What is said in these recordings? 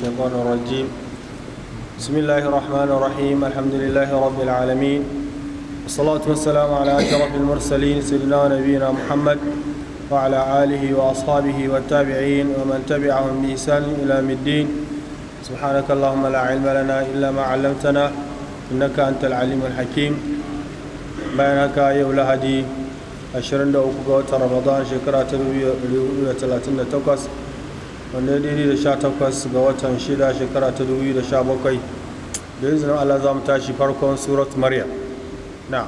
الشيطان الرجيم بسم الله الرحمن الرحيم الحمد لله رب العالمين والصلاة والسلام على أشرف المرسلين سيدنا نبينا محمد وعلى آله وأصحابه والتابعين ومن تبعهم بإحسان إلى الدين سبحانك اللهم لا علم لنا إلا ما علمتنا إنك أنت العليم الحكيم بينك يا هدي 23 ga watan Ramadan shekara ta 2038 wanda ya daidai da sha takwas ga watan shida shekara ta dubu da sha bakwai da izinin Allah za mu tashi farkon surat Maryam na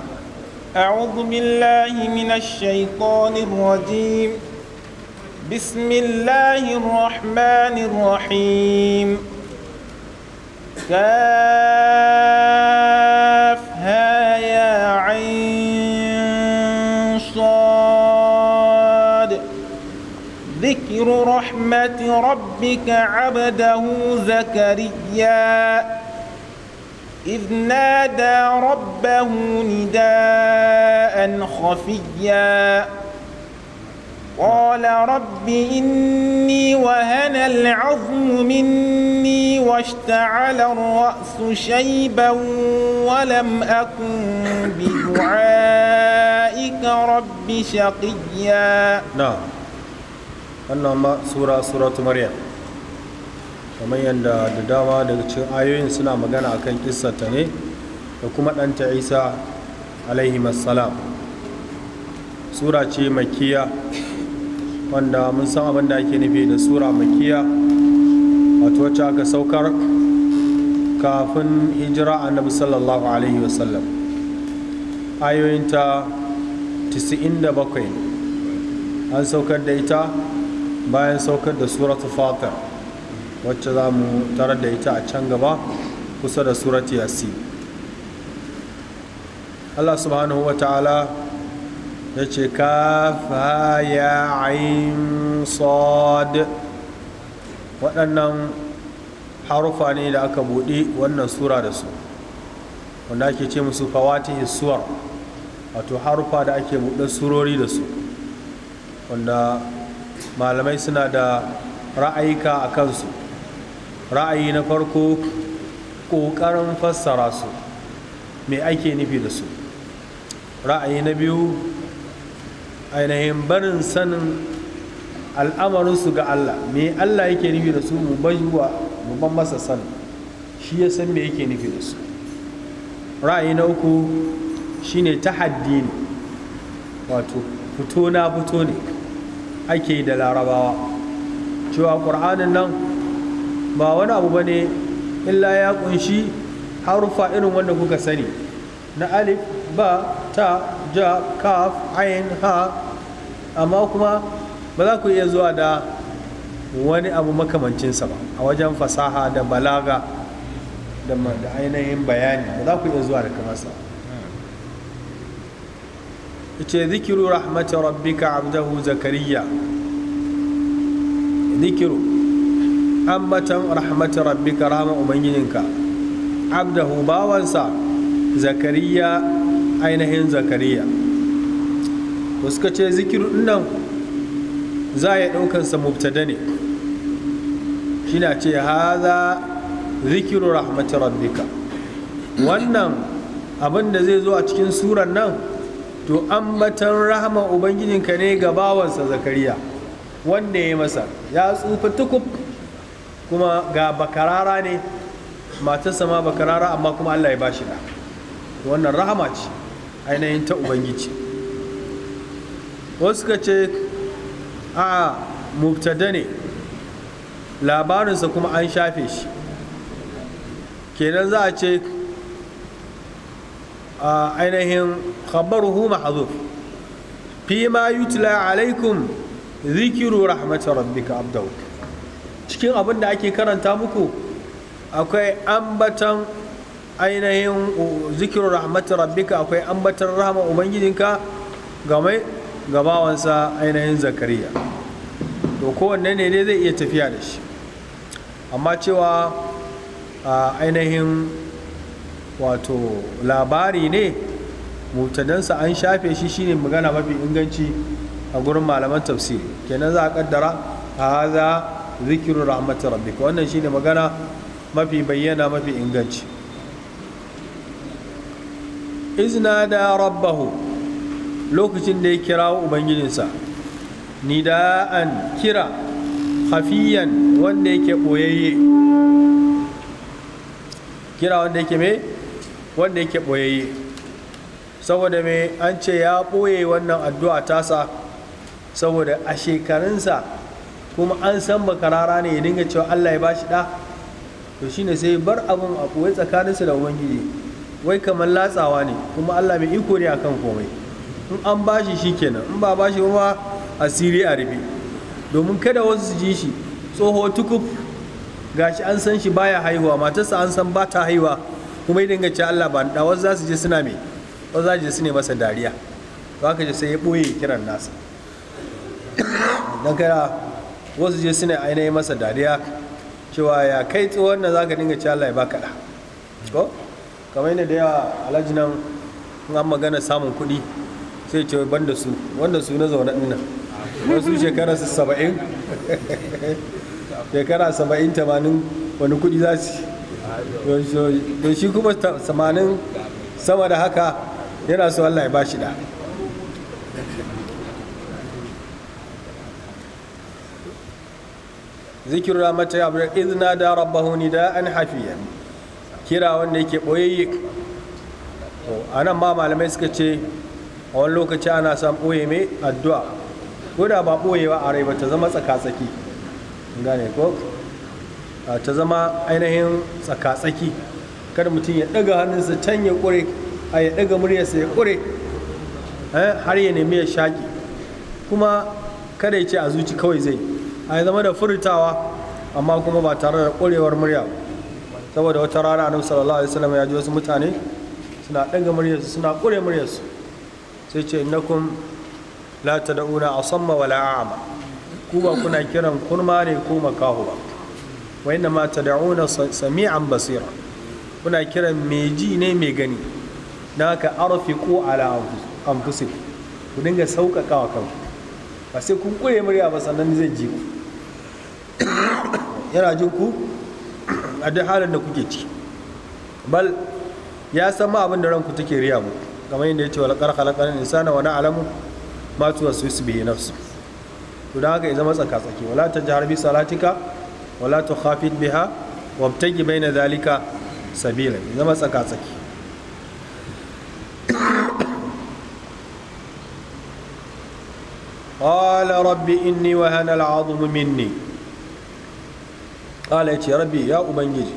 أعوذ بالله من الشيطان الرجيم بسم الله الرحمن الرحيم كان ربك عبده زكريا إذ نادى ربه نداء خفيا قال رب إني وهن العظم مني واشتعل الرأس شيبا ولم أكن بدعائك رب شقيا نعم wannan ma sura suratu maryam kamar yadda da dama daga cikin ayoyin suna magana a kan kissarta ne da kuma ɗanta isa alaihi salam sura ce makiya wanda mun san abin da ake nufi da sura makiya wato wacce aka saukar kafin hijira annabi sallallahu alaihi wasallam ayoyinta 97 an saukar da ita bayan saukar da suratu fatir wacce za mu tarar da ita a can gaba kusa da suratu yasi allah subhanahu wa ta'ala ya ce kafa ya ayin sod waɗannan harufa ne da aka buɗe wannan sura da su wanda ake ce musu fawati suwar wato harufa da ake buɗe surori da su wanda malamai suna da ra'ayika a kansu ra'ayi na farko ƙoƙarin fassara su me ake nufi da su ra'ayi na biyu ainihin barin sanin al'amarinsu ga Allah me Allah yake nufi da su mu wa mu ban masa sanin shi ya san me yake nufi da su ra'ayi na uku shine tahaddi ne wato fito na fito ne ake yi da larabawa cewa ƙur'anin nan ba wani abu ba ne illa ya ƙunshi harufa irin wanda kuka sani na alif ba ta ja kaf ayin ha amma kuma ba za ku iya zuwa da wani abu makamancinsa ba a wajen fasaha da balaga da ainihin bayani ba za ku iya zuwa da kamarsa sa yace zikiru rahmati rabbika abdahu zakariya zikiru ambatan rahmati rabbika rahama ubangijinka abdahu bawansa zakariya ainihin zakariya suka ce zikiru nan za a yi ɗaukansa mubtada ne shi na ce haza zikiru rahmati rabbika wannan abin da zai zo a cikin suran nan to ambatan rahama ubangijinka ne ga bawansa zakariya wanda ya masa ya tsufa tukub kuma ga bakarara ne matarsa ma bakarara amma kuma allah ya ba shi da wannan rahama ce ainihin ta ubangiji wasu ka ce a mubtada ne labarinsa kuma an shafe shi kenan za a ce ainihin khabaruhu mahzuf fi ma yutla alaikum zikiru rahmat rabbika abdahu cikin abin da ake karanta muku akwai ambatan ainihin zikiru rahmat rabbika akwai ambatan rahama ubangijinka game gabawansa ainihin zakariya to kowanne ne ne zai iya tafiya da shi amma cewa ainihin wato labari ne mutadansa an shafe shi shine magana mafi inganci a gurin malaman tafsiri kenan za a kaddara hadha zikru rahmatir rabbika wannan shine magana mafi bayyana mafi inganci izna da rabbahu lokacin da ya kira ubangijinsa nida'an kira hafiyan wanda yake boyayye kira wanda yake mai wanda yake ɓoyayye saboda me an ce ya ɓoye wannan addu'a tasa saboda a shekarunsa kuma an san bakarara ne ya dinga cewa Allah ya ba shi ɗa to ne sai bar abin a ɓoye tsakaninsa da ubangiji wai kamar latsawa ne kuma Allah mai iko ne akan komai in an ba shi kenan in ba ba shi ba asiri a rufe domin kada wasu su ji shi tsoho tukuf gashi an san shi baya haihuwa matarsa an san ba ta haihuwa kuma ya dinga ci Allah ba da wasu za su je suna mai. wasu za su je su ne masa dariya to ka je sai ya ɓoye kiran nasa dan kira wasu je suna ainihin masa dariya cewa ya kai tsohon na za ka dinga ci Allah ya baka da ko kamar yadda da yawa alhaji nan in an magana samun kuɗi sai ce banda su wanda su na zaune ɗin nan wasu shekara su saba'in shekara saba'in tamanin wani kuɗi za su to shi kuma samanin sama da haka yana so Allah ya ba shi da zikir ramata ya bura izina da rabbahu da an hafiya kira wanda yake ɓoyayye a nan ma malamai suka ce a wani lokaci ana son ɓoye mai addu'a ko da ba ɓoyewa a rai ba ta zama tsaka-tsaki gane ko ta zama ainihin tsaka-tsaki kada mutum ya ɗaga hannunsa can ya ƙure a ya ɗaga muryarsa ya ƙure eh, har ya nemi ya shaƙi kuma kada ya ce a zuci kawai zai a ya zama da furtawa amma kuma ba tare da ƙurewar murya saboda wata rana annabi sallallahu alaihi wasallam ya ji wasu mutane suna ɗaga muryarsu suna ƙure muryarsu sai ce innakum la tad'una asamma wala a'ma ku ba kuna kiran kurma ne ko makahu ba wa inna ma tad'una sami'an basira kuna kiran mai ne mai gani na haka arfiqu ala anfusikum ku dinga wa kanku ba sai kun ƙure murya ba sannan zai ji ku yana jin ku a duk halin da kuke ci bal ya san ma abin da ranku take riya mu kamar yadda ya ce wal qarqalqal insana wa na'lamu ma tuwaswisu bihi nafsu to da haka ya zama tsaka tsaki wala tajharbi salatika wala tukhafid biha wabtaki mtaji baina dhalika sabila zama tsaka tsaki qala rabbi inni wa hana al'azm minni qala ya rabbi ya ubangiji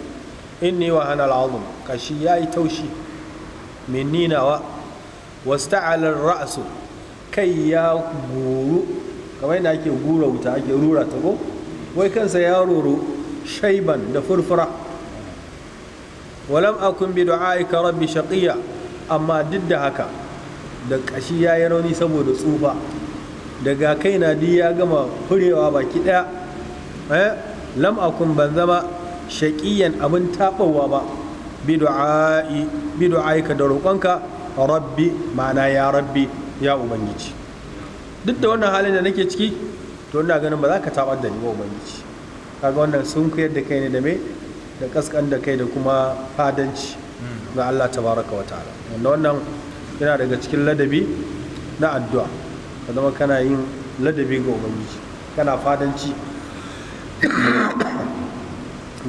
inni wa hana al'azm kashi yi taushi minni nawa Wasu ar ra'asu kai ya guru kamar yadda ake gura wuta ake rura ta ko wai kansa ya ruru shaiban da furfura walam akun bi du'aika rabbi shaqiya amma duk da haka da kashi ya yi rauni saboda tsufa daga kaina duk ya gama furewa baki daya eh lam akun ban zama shaqiyan abin tabawa ba bi du'ai bi du'aika da roƙonka rabbi ma'ana ya rabbi ya ubangiji duk da wannan halin da nake ciki to ina ganin ba za ka taɓa da ni ba ubangiji kaga wannan sun kuyar da kai ne da me da kaskan da kai da kuma fadanci ga Allah tabaraka wa ta'ala wanda wannan yana daga cikin ladabi na addu'a ka zama kana yin ladabi ga ubangiji kana fadanci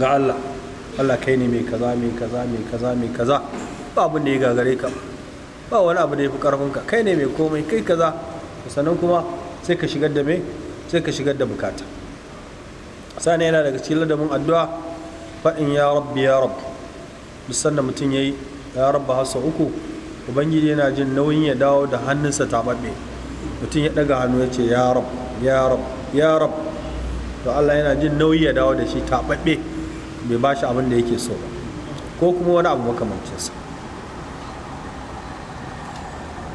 ga Allah Allah kai ne mai kaza mai kaza mai kaza mai kaza ba abin da ya gagare ka ba wani abu da ya fi ƙarfinka. kai ne mai komai kai kaza sannan kuma sai ka shigar da mai sai ka shigar da bukata sani yana daga cikin ladabin addu'a faɗin ya rabbi ya rabbi duk sanda mutum ya yi ya rabba hasa uku ubangiji yana jin nauyin ya dawo da hannunsa taɓaɓɓe mutum ya ɗaga hannu ya ce ya rab ya rab ya rab to allah yana jin nauyi ya dawo da shi taɓaɓɓe bai ba shi abin da yake so ba ko kuma wani abu makamancinsa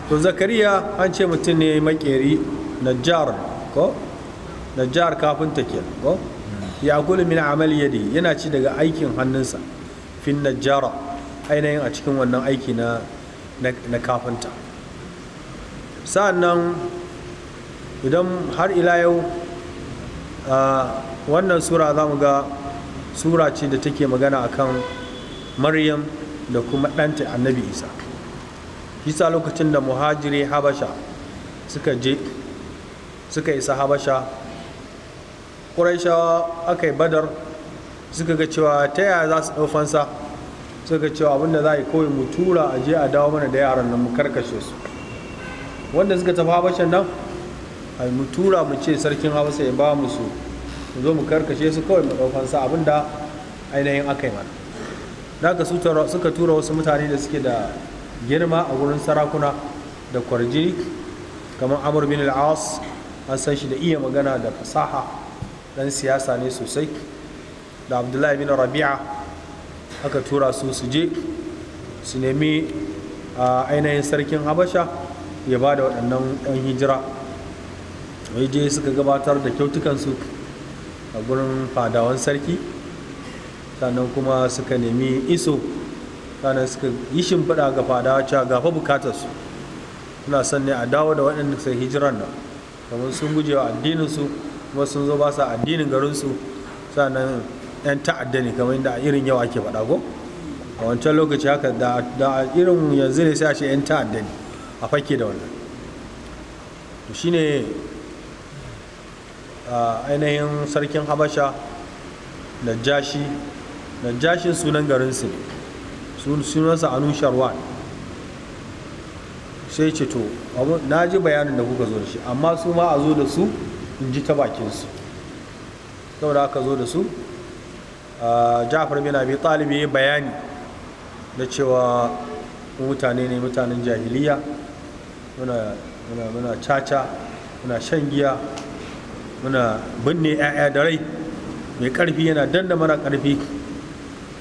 to zakariya an ce mutum ne makeri najjar ko Najar kafinta ke ko ya kula min amal yadi yana ci daga aikin hannunsa fin na jara ainihin a cikin wannan aiki na na kafinta sa'annan idan har ila yau wannan sura za mu ga sura ce da take magana a kan maryam da kuma ɗanta annabi isa isa lokacin da muhajiri habasha suka je suka isa habasha ƙuraishawa aka yi badar suka ga cewa ta yaya za su ɗau fansa suka cewa abinda za a yi kawai mu tura a je a dawo mana da yaran nan mu karkashe su wanda suka tafi habashan nan a mu tura mu ce sarkin habasha ya ba mu su mu zo mu karkashe su kawai mu ɗau abinda ainihin aka yi mana daga suka tura wasu mutane da suke da girma a wurin sarakuna da kwarjini kamar amur bin al'as an san shi da iya magana da fasaha dan siyasa ne sosai da abdullahi bin rabi'a aka tura su su je su nemi a ainihin sarkin habasha ya ba da waɗannan 'yan hijira wai je suka gabatar da kyautukansu a gurin fadawan sarki sannan kuma suka nemi iso sannan suka yi shimfiɗa ga fadawa cewa gafa bukatarsu suna son ne a dawo da waɗanda sai hijiran nan Kamar sun guje wa addininsu wasu sun zo ba sa addinin garinsu sannan 'yan ta'adda ne kamar yadda irin yau ake faɗa ko a wancan lokaci haka da irin yanzu ne sai a ce 'yan ta'adda ne a fake da wannan to shine ainihin sarkin habasha da jashi da jashin sunan garinsu ne sunansa anu sharwa sai ce to na ji bayanin da kuka zo da shi amma su ma a zo da su in ji ta bakinsu saboda aka zo da su ja'far bin abi talib ya bayani da cewa mutane ne mutanen jahiliya muna caca muna shan giya muna binne 'ya'ya da rai mai karfi yana danna mara karfi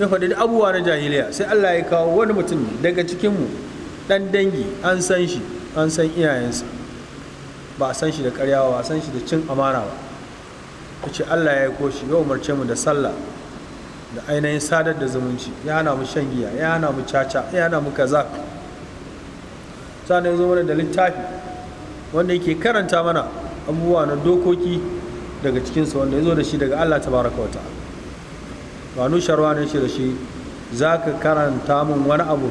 ya faɗi abubuwa na jahiliya sai allah ya kawo wani mutum daga cikinmu ɗan dangi an san shi an san iyayensa ba a san shi da karyawa ba a san shi da cin amana ba ta allah ya yi koshi ya umarce mu da sallah da ainihin sadar da zumunci ya hana mu shan giya ya hana mu caca ya hana mu kaza sannan zo mana da littafi wanda yake karanta mana abubuwa na dokoki daga cikinsa wanda ya zo da shi daga allah ta baraka wata. ba nusharwa ne shi da shi za ka karanta min wani abu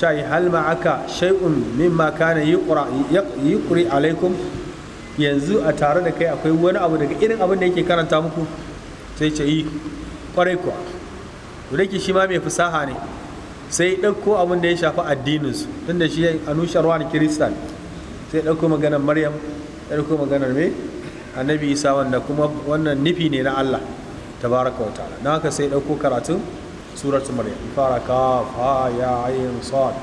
cai yi hal ma'aka shay'un mimma kana yuqri alaikum yanzu a tare da kai akwai wani abu daga irin abin da yake karanta muku sai ce yi eh, kwarai kuwa dake shi ma mai fasaha ne sai dauko abin da ya shafi addininsu tunda shi ya anusharwa da kiristan sai dauko maganar maryam sai dauko maganar mai annabi isa wanda kuma wannan nufi ne na allah tabaraka wa ta'ala don haka sai ɗauko karatun سوره مريم فارا كاف ها يا عين صاد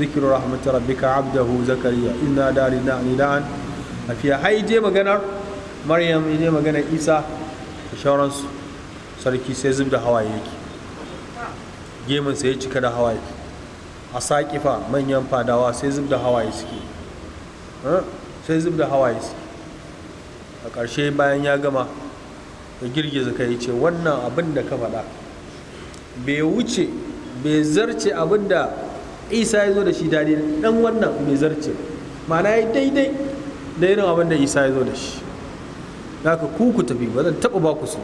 ذكر رحمه ربك عبده زكريا إنا دارنا ندان في هاي جي مغانا مريم جي مغانا عيسى شاورن سركي سيزب ده هواي يكي yake gemun sai ya cika da hawaye a saƙifa manyan fadawa sai zub da hawaye suke sai zub da hawaye suke a ƙarshe bayan ya gama da girgiza kai ce wannan abin da ka faɗa bai wuce bai zarce abinda isa ya zo da shi daidai dan wannan bai zarce ma'ana ya daidai da irin abin da isa ya zo da shi za ka ku ku tafi ba zan taɓa ba ku su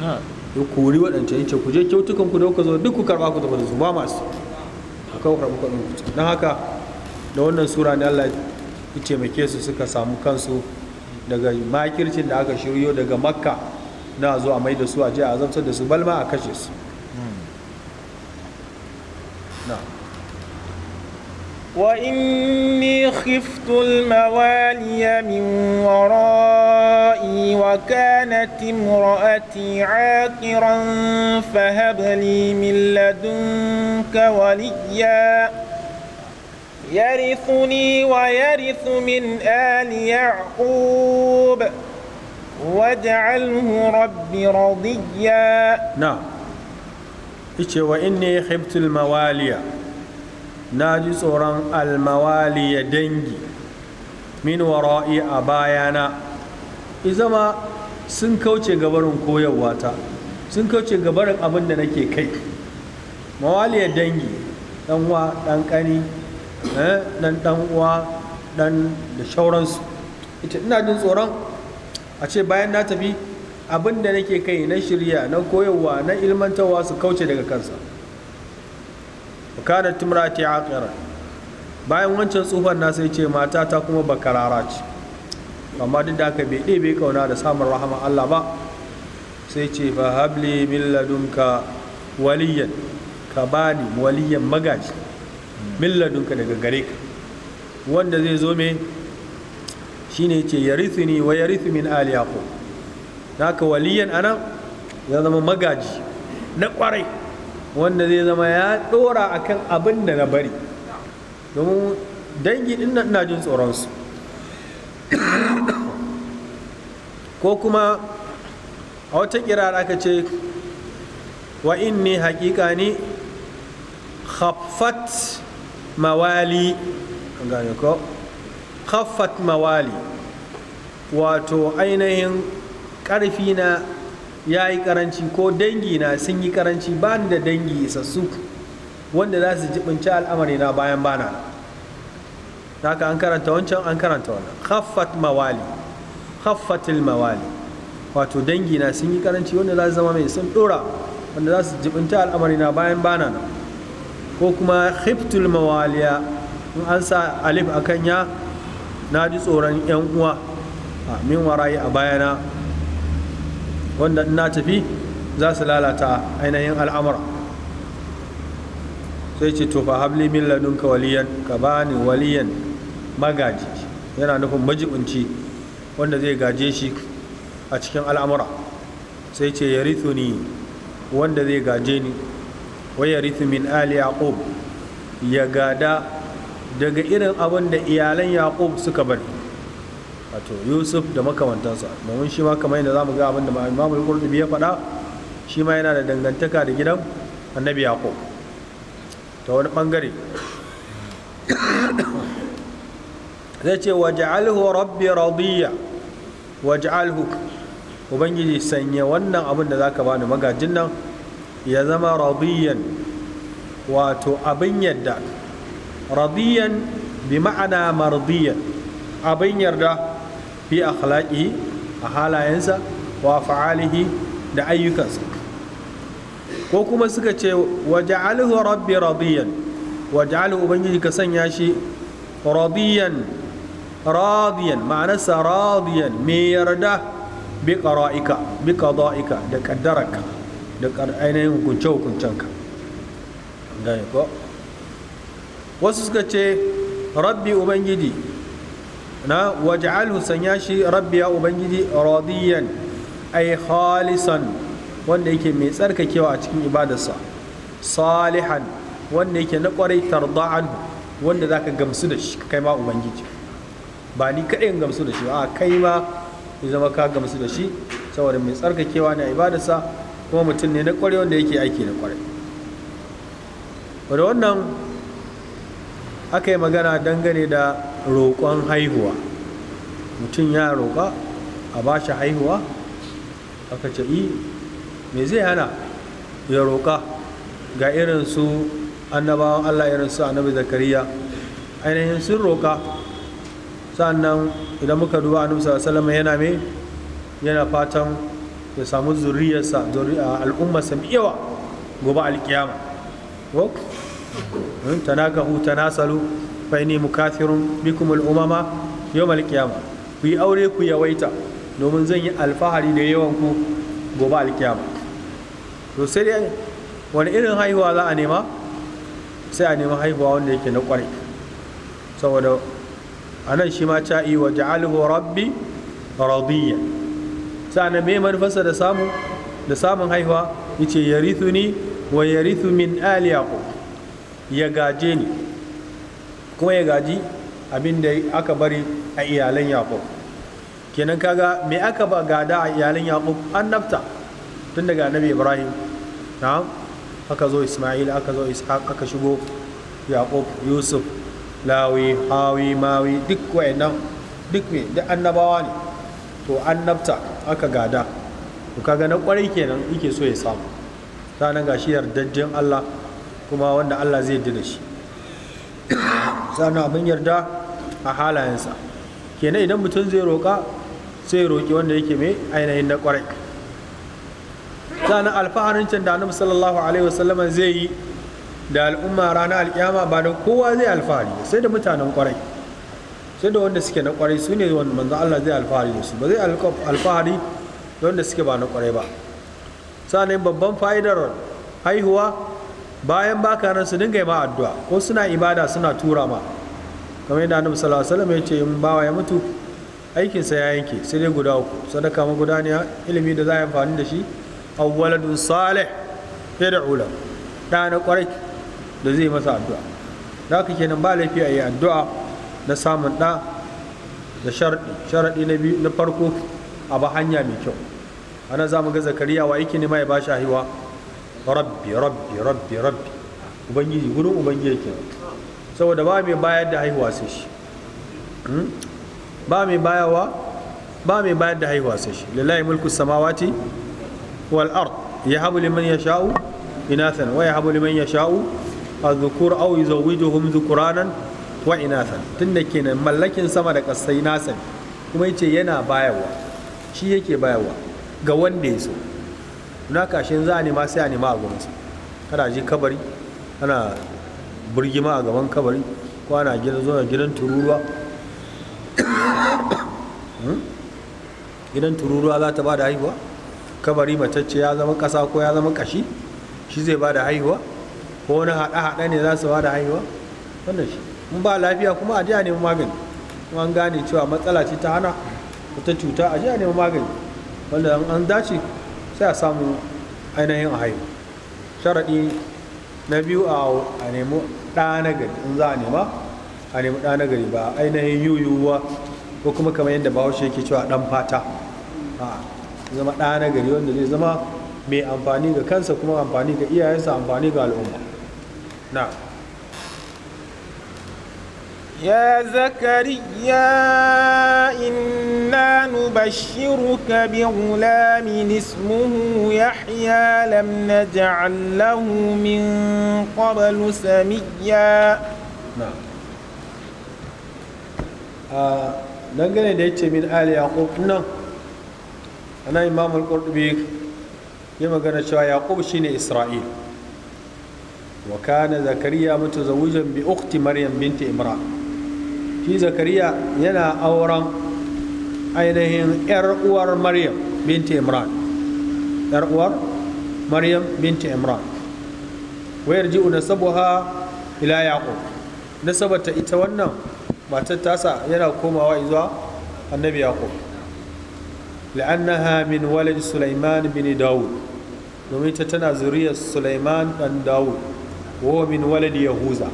ya kori waɗancan yace ku je kyautukan ku da kuka zo duk ku karɓa ku tafi da su ba masu a kawo karɓi kuɗin ku don haka da wannan sura ne allah ya taimake su suka samu kansu daga makircin da aka shiryo daga makka na zo a mai da su a je a azamtar da su balma a kashe su نعم وإني خفت الموالي من ورائي وكانت امرأتي عاقرا فهب لي من لدنك وليا يرثني ويرث من آل يعقوب واجعله ربي رضيا نعم ice wa inni khiftul mawaliya na ji tsoron almawaliya dangi min wara'i a bayana zama sun kauce gabarin koyarwa ta sun kauce gabarin abin da nake kai mawaliya dangi dan wa dan kani eh, dan dan uwa dan da shauransu ita ina jin tsoron a ce bayan na tafi abin da nake kai na shirya na koyarwa na ilmantarwa su kauce daga kansa kana timrati aqira bayan wancan tsufan na sai ce mata ta kuma bakarara ce amma duk da aka bai ɗebe kauna da samun rahama Allah ba sai ce fa habli min ladunka waliyan ka bani waliyan magaji min ladunka daga gare ka wanda zai zo me shine ce yarithuni wa yarithu min ali yaqub da haka waliyan anan ya zama magaji na kwarai wanda zai zama ya dora akan abin da na bari domin dangi ina na ina jin tsoronsu ko kuma a wata kirar aka ce wa in haƙiƙa ne hakika mawali ko mawali wato ainihin ƙarfina ya yi ƙaranci ko dangina sun yi ƙaranci ba ni da dangi isassu wanda za su jibinci na bayan bana haka an karanta wancan an karanta wannan haffat mawali haffatil mawali wato dangina sun yi ƙaranci wanda za su zama mai sun dora wanda za su jibinci na bayan bana ko kuma khiftul mawaliya in an sa alif a kan ya na ji tsoron 'yan uwa ah, min warayi a bayana wanda na tafi za su lalata ainihin al'amura sai ce to fa habli min ladunka waliyan ka bani waliyan magaji yana nufin majibunci wanda zai gaje shi a cikin al'amura sai ce ya ni wanda zai gaje ni wai ya min ali yaqub ya gada daga irin abin da iyalan yaqub suka bari wato yusuf da makamantansa domin shi ma kamar yadda za mu ga abin da imamul qurtubi ya faɗa shi ma yana da dangantaka da gidan annabi yaqub ta wani bangare zai ce waj'alhu rabbi radiya waj'alhu ubangiji sanya wannan abin da zaka bani magajin nan ya zama radiyan wato abin yadda radiyan bi ma'ana mardiyan abin yarda fi akhlaqihi a halayensa wa fa'alihi da ayyukansa ko kuma suka ce waja'alhu rabbi radiyan waja'alhu ubangiji ka sanya shi radiyan radiyan ma'anarsa radiyan mai yarda bi qara'ika bi qada'ika da qaddaraka da ainihin hukunce hukuncenka ko wasu suka ce rabbi ubangiji na waj'al sanya shi rabbi ya ubangiji radiyan ay khalisan wanda yake mai tsarkakewa a cikin ibadarsa salihan wanda yake na kwarai anhu wanda zaka gamsu da shi kai ma ubangiji ba ni kaɗai gamsu da shi a kai ma ya zama ka gamsu da shi saboda mai tsarkakewa ne a ibadarsa kuma mutum ne na kwarai wanda yake aiki na kwarai wadda wannan aka yi magana dangane da roƙon haihuwa mutum ya roƙa a ba shi haihuwa aka ce yi me zai hana ya roƙa ga irin su annabawan allah irin su annabi zakariya ainihin sun roƙa sannan idan muka duba annabi sallallahu yana me yana fatan ya samu a al'umma sami yawa gobe alkiyama hmm, tana gahu tana salo fa inni mukathirun bikum al-umama yawm al ku yi aure ku yawaita domin zan yi alfahari da yawan ku gobe alkiyama to sai dai wani irin haihuwa za a nema sai a nema haihuwa wanda yake na kwarai saboda anan shi ma ta yi wa ja'alhu rabbi radiyya sa'an me manufarsa da samu da samun haihuwa yace yarithuni wa yarithu min ali yaqub ya gaje ni kuma ya gaji abin da aka bari a iyalan yaƙo. kenan kaga me aka ba gada a iyalan yaƙo? An nafta tun daga annabi ibrahim na aka zo isma'il aka zo ishaq aka shigo yaƙo. yusuf lawi hawi mawi duk nan, duk me duk annabawa ne to an nafta aka gada to kaga na kwarai kenan yake so ya samu sanan gashi yardajjen Allah kuma wanda Allah zai dina shi sannan abin yarda a halayensa kenan idan mutum zai roƙa sai roƙi wanda yake mai ainihin na ƙwarai sannan alfaharin can da annabi sallallahu alaihi wasallama zai yi da al'umma ranar alƙiyama ba da kowa zai alfahari sai da mutanen ƙwarai sai da wanda suke na ƙwarai su ne wanda manzo Allah zai alfahari da su ba zai alfahari da wanda suke ba na ƙwarai ba sannan babban fa'idar haihuwa bayan baka nan su dinga yi ma addu'a ko suna ibada suna tura ma kamar yadda annabi sallallahu alaihi wasallam ya ce in bawa ya mutu aikinsa ya yanke sai dai guda uku sadaka ma guda ne ilimi da za a yi amfani da shi awwaladun salih ya da ula da na kwarai da zai masa addu'a da haka kenan ba laifi a yi addu'a na samun da da sharadi sharadi na biyu na farko a ba hanya mai kyau ana za mu ga zakariya wa yake ne ma ya ba shi ahiwa rabbi rabbi rabbi rabbi ubangiji gurin ubangiji ke saboda ba mai bayar da haihuwa sai shi hmm? ba mai bayarwa ba mai bayar da haihuwa sai shi lillahi mulku samawati wal ard yahabu liman yasha'u inathan wa yahabu liman yasha'u adh-dhukur aw yuzawwijuhum dhukuranan wa inathan tunda kenan mallakin sama da kasai nasan kuma yace yana bayarwa shi yake bayarwa ga wanda ya so na kashin za a nema sai a nema a gabansa kana je kabari ana burgima a gaban kabari ko ana gina zuwa gidan tururuwa hmm? gidan tururuwa za ta ba da haihuwa kabari matacce ya zama ƙasa ko ya zama ƙashi shi zai ba da haihuwa ko wani haɗa-haɗa ne za su ba da haihuwa wannan shi in ba lafiya kuma a jiya nemi magani kuma an gane cewa matsala ce ta hana wata cuta a jiya nemi magani wanda an dace sai a samu ainihin a haihu sharaɗi na biyu a nemi ɗa na gari in za a nema a nemi ɗa na gari ba ainihin yuyuwa ko kuma kamar yadda bahaushe yake cewa ɗan fata a zama ɗa na gari wanda zai zama mai amfani ga kansa kuma amfani ga iyayensa amfani ga al'umma na يا زكريا إنا نبشرك بغلام اسمه يحيى لم نجعل له من قبل سميا نعم dangane da ya ce min ali yaqub nan ana imam al ya magana cewa yaqub shine isra'il Wakana kana zakariya mutazawwijan bi maryam Binta imran shi zakariya yana auren ainihin 'yar uwar maryam binti imran uwar maryam binti imran wayar ji'u na sabuha ila yaqub nasabata ita wannan matar tasa yana komawa zuwa annabi yaqub la'annaha min walid sulaiman bin Dawud, domin ta tana zuriyar sulaiman dan Dawud, wa min walid yahuza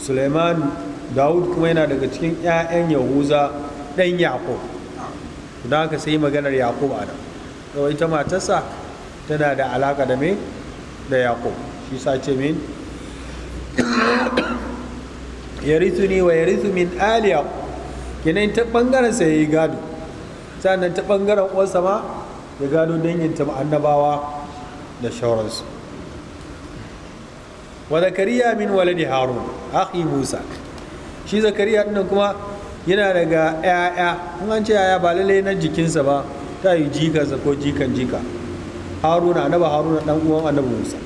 sulaiman dawud kuma yana daga cikin 'ya'yan yahuza ɗan yakub da haka sai maganar yakub a nan ita matarsa tana da alaka da mai da yakub shi sa ce min yarithu ni wa yarithu min aliya kenan ta bangaren sa yi gado sannan ta bangaren uwarsa ma ya gado dangin ta annabawa da shauransu wa zakariya min waladi harun akhi musa shi zakariya ɗin kuma yana daga ƴaƴa in an ce ƴaƴa ba lalle na jikinsa ba ta yi jikarsa ko jikan jika haruna annaba haruna ɗan uwan annabi musa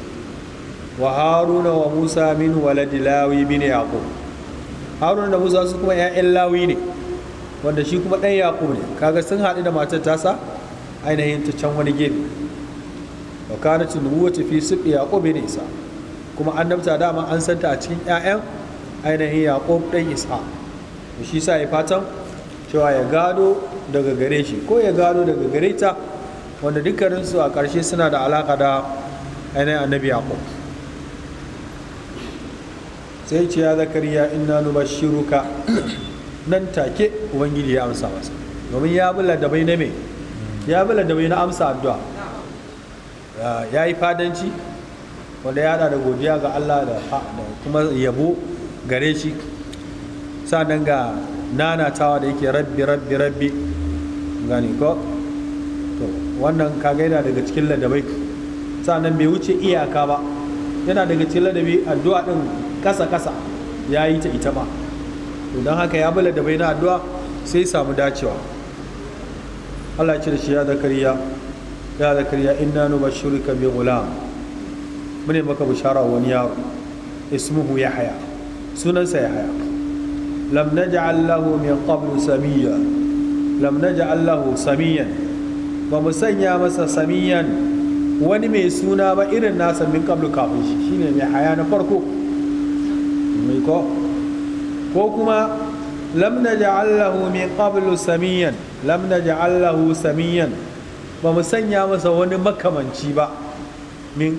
wa haruna wa musa min waladi lawi bin yaqub haruna da musa su kuma 'ya'yan lawi ne wanda shi kuma ɗan yaqub ne kaga sun haɗu da matar tasa ainihin ta can wani gefe wa kanat nubuwatu fi sibbi yaqub ne isa kuma annabta dama an santa a cikin 'ya'yan ainihin yaƙob ɗan isa shi sa ya fatan cewa ya gado daga gare shi ko ya gado daga gare ta wanda dukkaninsu a ƙarshe suna da alaƙa da ainihin annabi yaƙob sai ce ya zakariya inna nubashiruka nan take ubangiji ya amsa masa domin ya bula da bai na me ya bula da bai na amsa addu'a ya yi fadanci wanda ya da godiya ga Allah da kuma yabo gare shi sa'an ga nanatawa da yake rabbi rabbi rabbi gani ko to wannan kaga yana daga cikin ladabai nan bai wuce iyaka ba yana daga cikin ladabi addu'a din kasa kasa ya yi ta ita ba. to don haka ya bi ladabai na addu'a sai samu dacewa Allah ya ce da shi ya zakariya ya zakariya inna nubashshiruka bi ghulam mune maka bishara wani yaro ismuhu yahya sunansa ya haya lam naj'al lahu min qablu samiyya lam naj'al lahu samiyan ba mu sanya masa samiyan wani mai suna ba irin nasa min qablu kafin shi shine mai haya na farko mai ko ko kuma lam naj'al lahu min qablu samiyan lam naj'al lahu samiyan ba mu sanya masa wani makamanci ba min